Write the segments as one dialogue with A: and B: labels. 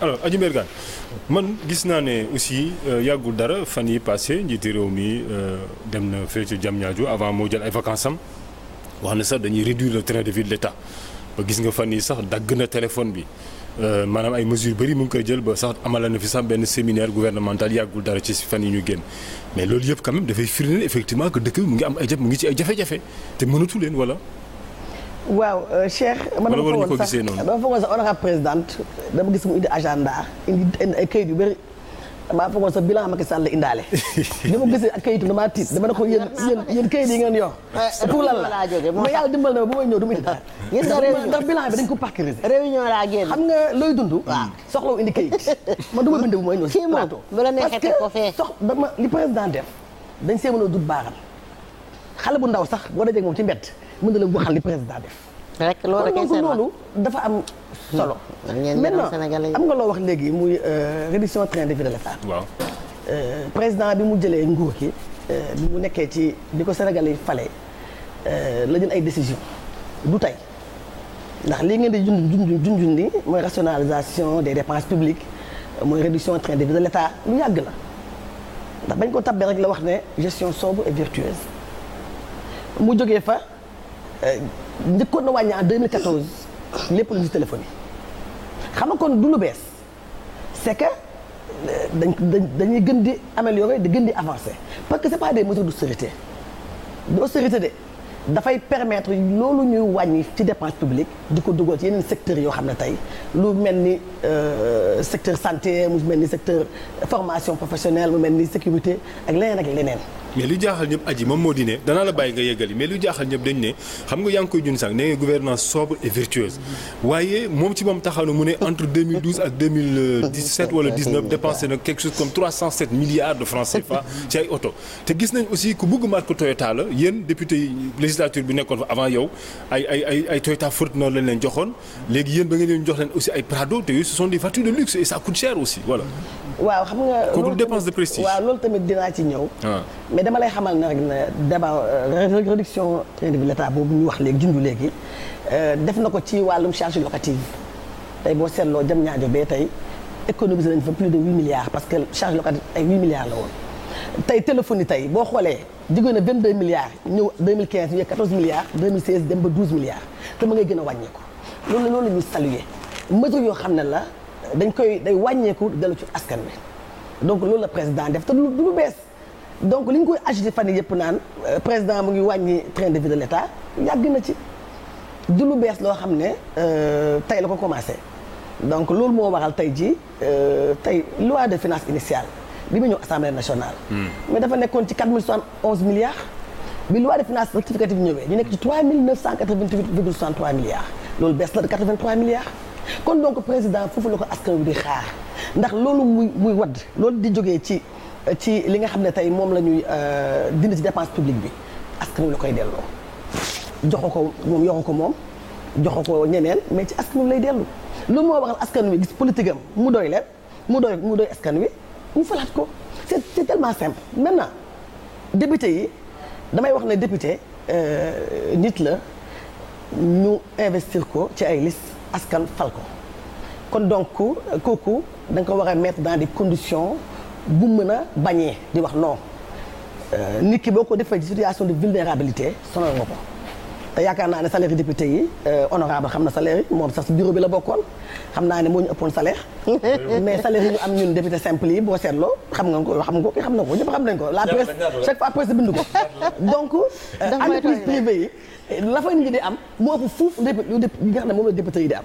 A: alors Adji Mbergane man gis naa ne aussi euh, yàggul dara fan yi passé njiiti réew mi euh, dem na fee ci Diamniadio avant moo jël ay vacances am wax na sax dañuy réduire le train de vie de ba gis nga fan yi sax dagg na téléphone bi euh, maanaam ay mesures bëri mu ngi koy jël ba sax amala na fi sax benn séminaire gouvernemental yàggul dara ci fan yi ñu génn mais loolu yëpp quand même dafay firndeel effectivement que dëkk bi mu ngi am ay mu ngi ci ay jafe-jafe te mënatu leen wala
B: waaw ma euh, Cheikh. man dama foogoon sax dama foogoon sax honorable présidente dama gis mu indi agenda indi ay kayit yu bëri damaa foogoon sax bilan Macky Sall la indaale. ni ma gisee ak kayitam damaa tiit dama ne ko yéen yéen kayit yi ngeen yor. Eh, eh, pour lan la mais yàlla dimbal na ba may ñëw du ma indi dara. gis nga réunion ndax bilan bi dañ ko parkiriser. réunion laa xam nga looy dund. waaw hmm. soxlaw indi kayit man du ma bind bu may ñëw si plateau. bu la neexee teg ko fee parce que sox dama li président def dañ see mën a dut baaram xale bu ndaw sax boo dajee moom ci mbedd mën na la waxal li président def. rek loolu rek loolu dafa am solo. Hmm. maintenant am nga loo wax léegi muy euh, réduction train de vie de l'État. Euh, président bi mu jëlee nguur ki euh, bi mu nekkee ci bi ko Sénégalais yi fale la jël ay décision du tey ndax lii ngeen di junjun junjun ni mooy rationalisation des dépenses publiques mooy réduction train de vie de l'État lu yàgg la ndax bañ ko tabbee rek la wax ne gestion sobre et vertueuse mu jógee fa. Euh, njëkkoon na wàññi en 2014 lépp lu ñu téléphone yi xam nga kon du lu bees c'est que euh, dañ dañuy gën di améliorer di gën di avancer parce que c'est pas de mesures d'austérité d'austérité de dafay permettre loolu ñuy wàññi ci dépense publique di ko dugal ci yeneen secteurs yoo xam ne tey lu mel ni euh, secteur santé mu mel ni secteur formation professionnelle mu mel ni sécurité ak leneen ak leneen.
A: mais lu jaaxal ñëpp aji moom moo di ne danaa la bàyyi nga yeggali mais lu jaaxal ñëpp dañ ne xam nga yaa ngi koy jun sànq ne nga gouvernance sobre et vertueuse waaye moom ci moom taxaw na mu ne entre 2012 ak 2017 wala 19 dépensé na quelque chose comme 307 milliards de francs CFA ci ay oto te gis nañ aussi ku bëgg marque Toyota la yéen député législature bi nekkoon fa avant yow ay ay ay ay Toyota leen joxoon léegi yéen ba ngeen leen jox leen aussi ay Prado te yooyu ce de luxe et waaw xam nga kooku dépense de prestige waaw
B: loolu tamit dinaa ci ñëw. Ah. mais dama lay xamal ne rek na d'abord euh, réduction train de vie l'État boobu ñu wax léegi jundu léegi euh, def na ko ci wàllum charge locative tey boo seetloo jëm ñaajo bee tey économiser nañ fa plus milliards parce que charge locative ay huit milliards la woon. tey téléphone yi tey boo xoolee diggoon na 22 milliards ñëw 2015 ñu 14 milliards 2016 dem ba 12 milliards te ma ngay gën a wàññeeku loolu loolu ñu saluer mesure yoo xam ne la. dañ koy day wàññeeku dellu ci askan bi donc loolu la président def te du lu bees donc liñ koy agité fan yëpp naan euh, président mu ngi wàññi train de vie de l' état yàgg na ci du lu bees loo xam ne euh, tey la ko commencé donc loolu moo waral tey ji euh, tey loi de finance initiale bi mu ñëw assemblée nationale. Hmm. mais dafa nekkoon ci milliards. bi loi de finance rectificative ñëwee ñu nekk ci milliards loolu bees la de milliards. kon donc président foofu la ko askan wi di xaar ndax loolu muy muy wadd loolu di jógee ci ci li nga xam ne tey moom la ñuy euh, dindi ci dépense publique bi askan wi la koy delloo joxo ko moom yoxo ko moom joxo ko ñeneen mais ci askan wi lay dellu loolu moo waxal askan wi gis politique am mu doy leen mu doy mu doy askan wi ñu falaat ko c'est c'est tellement simple maintenant député yi damay wax ne député euh, nit la ñu investir ko ci ay liste askan fal ko kon donc kooku da ko waxee metre mettre dans des conditions bu mën a bañee di wax non euh, nit ki boo ko defee ci situation de vulnérabilité sonal nga ko te yaakaar naa ne salaire député yi euh, honorable xam na salaire yi moom sax bureau bi la bokkoon xam naa ne moo ñu ëppoon salaire mais salaire yi ñu am ñun député simple yi boo seetloo xam nga ko xam nga ko xam na ko ñëpp xam nañ ko la presse chaque fois presse bind ko donc euh, entreprise privée yi la fa nit ñi di am moo ëpp fuuf député yi ne moom la député yi di am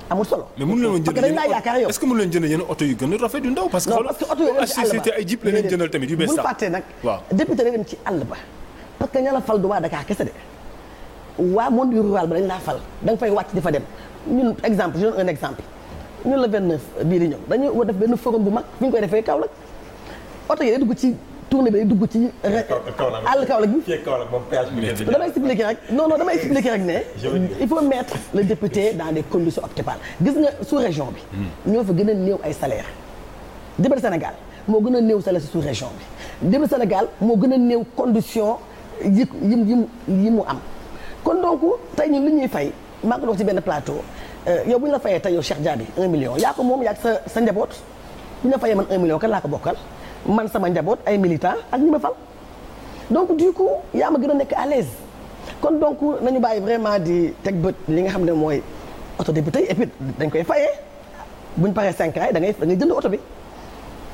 B: amul solo. mais
A: leen jënd jënd yenn oto yu gën a rafet yu ndaw. parce que xoolal yu bees sax bul fàtte
B: àll ba. parce que ña la fal du waa Dakar kese de waa monde rural ba dañ laa fal da nga fay wàcc di fa dem ñun exemple je donne un exemple ñun la 29 bii di ñëw dañuy def benn forum bu mag fi ñu koy defee Kaolack oto yi dugg ci tournée bi day dugg ci.
A: àll Kaolack bi fii Kaolack moom péage bi damay
B: expliquer rek non non damay expliquer rek ne. il faut mettre le député dans des conditions optimales gis nga sous région bi. Hmm. ñoo fa gën a néew ay salaire débat Sénégal moo gën a néew salaire si région bi débat Sénégal moo gën a néew condition yi yi mu am kon donc tey ñun li ñuy fay maa ngi ci benn plateau euh, yow bu ñu la fayee tey yow Cheikh Diaby 1 million yaa ko moom yaa sa sa njaboot bu ñu la fayee man 1 million kan laa ko bokkal. man sama njaboot ay militant ak ñi ma fal donc du coup yaa ma gën a nekk à l'aise kon donc nañu bàyyi vraiment di teg bët li nga xam ne mooy oto député yi et puis dañ koy fayee buñ paree 5 ans yi da ngay da ngay jënd oto bi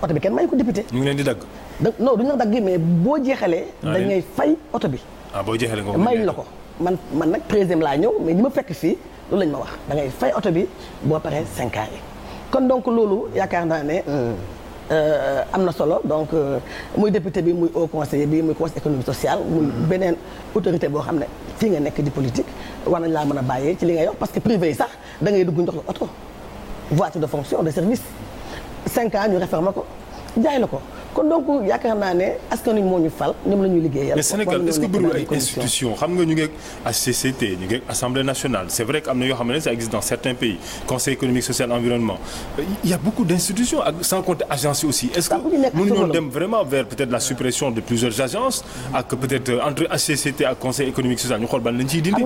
B: oto bi kenn mayu ko député. ñu ngi leen di dagg. da non duñu la dagg mais boo jeexalee. Ah, da ngay fay oto bi.
A: ah boo jeexalee nga mayuñ la
B: ko man man nag treizième laa ñëw mais ma fekk fii lañ ma wax da ngay fay oto bi boo paree 5 ans yi kon donc loolu yaakaar naa ne. Euh, Euh, am na solo donc euh, muy député bi muy haut conseiller bi muy conseil économie social. muy beneen autorité boo xam ne fii nga nekk di politique war nañ laa mën a bàyyee ci li ngay wax parce que privé yi sax dangay ngay dugg ndox la oto voiture de fonction de service cinq ans ñu réformer ko jaay la ko. kon donc yaakaar naa ne askan wi moo ñu fal ñoom la ñuy mais Sénégal est-ce que bëriwul institution
A: xam nga ñu ngi ak HCCT ñu ngi assemblée nationale c'est vrai que am na existe dans certains pays conseil économique social environnement il y beaucoup d'institutions sans compter agences aussi. est-ce que mënuñoo dem vraiment vers peut-être la suppression de plusieurs agences. ak conseil économique social ñu xool ban lañ ciy dindi.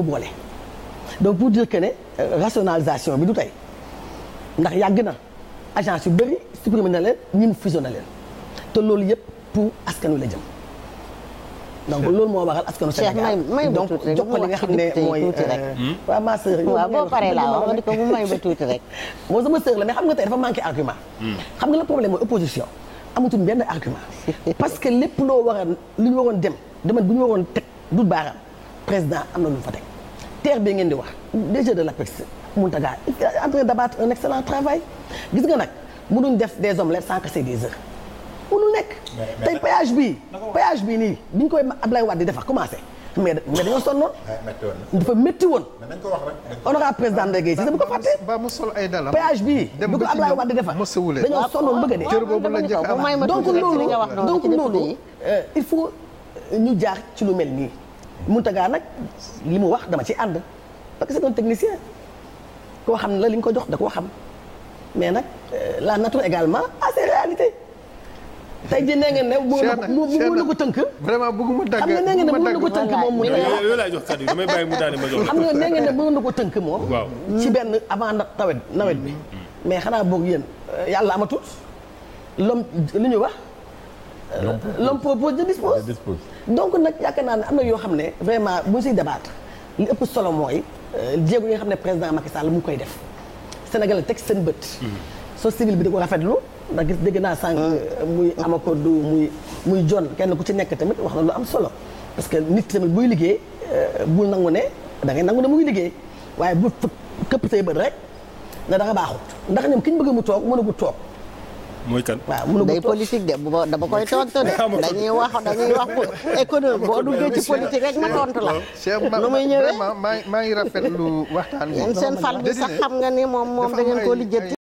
B: pour ko boole donc pour dire que ne euh, rationalisation bi du tey ndax yàgg na agence yu bëri supprimé na leen ñun fusionné leen te loolu yëpp pour askanu la jëm donc loolu moo waral askanu Sénégal may donc jox ko li nga xam ne mooy euh, waaw ma sœur waaw boo paree laa wax nga di ko bu may ba moo sama sœur la mais xam nga tey dafa manqué argument hmm. xam nga le problème mooy opposition amatul benn argument parce que lépp loo war a lu ñu waroon dem deman bu ñu waroon teg du baaraam président am na lu fa teg terre bi ngeen di wax DG de la Mountaga en train excellent travail gis nga nag mënuñ def des omelettes sans que c'est des œufs
A: mënul nekk tey péage
B: bi péage nii bi ñu koy Ablaye Wade di defar commencé mais mais dañoo sonnoon dafa métti woon a président Ndeye Guèye Cissé bu ko fàtte ba mu sol ay dalam péage bii bi ko Ablaye Wade di defar dañoo sonnoon bëgg a dee donc loolu donc loolu euh, il faut ñu jaar ci lu mel nii tagaa nag li mu wax dama ci ànd parce que c'est un technicien koo xam ne la li ñu ko jox da koo xam mais nag euh, la nature également a ses réalités. tey jii nee ngeen ne bu mën na ko
A: tënk. vraiment bëgguma dagg xam nga nee ngeen ne mën na ko moom. mu yow laa jox kàddu nga nee ngeen ne
B: mën na ko tënk moom. ci benn avant tawet nawet bi. Mm-hmm. mais xanaa boog yéen euh, yàlla amatut lom li ñu wax. Euh, l'homme propose de dispose donc nag yaakaar naan am na yoo xam ne vraiment bu siy débattre li ëpp solo mooy euh, jéego yi nga xam ne président Macky Sall mu koy def Sénégal teg seen bët hmm. soo civil bi da ko rafet lu ndax gis dégg naa sànq hmm. euh, muy amakodu muy muy jon kenn ku ci nekk tamit wax na lu am solo parce que nit tamit buy liggéey bu nangu ne da ngay nangu ne muy liggéey waaye bu këpp say bët rek na dara baaxut ndax ñoom kiñ ñu bëgg mu toog mënagu toog mu kan waaw day politique de bu dama koy tontu de dañuy wax dañuy wax économie boo duggee ci politique rek ma tontu la. lu muy ñëwee vraiment maa waxtaan bi. seen fal bi sax xam nga ni moom moom da ngeen ko lijjanti.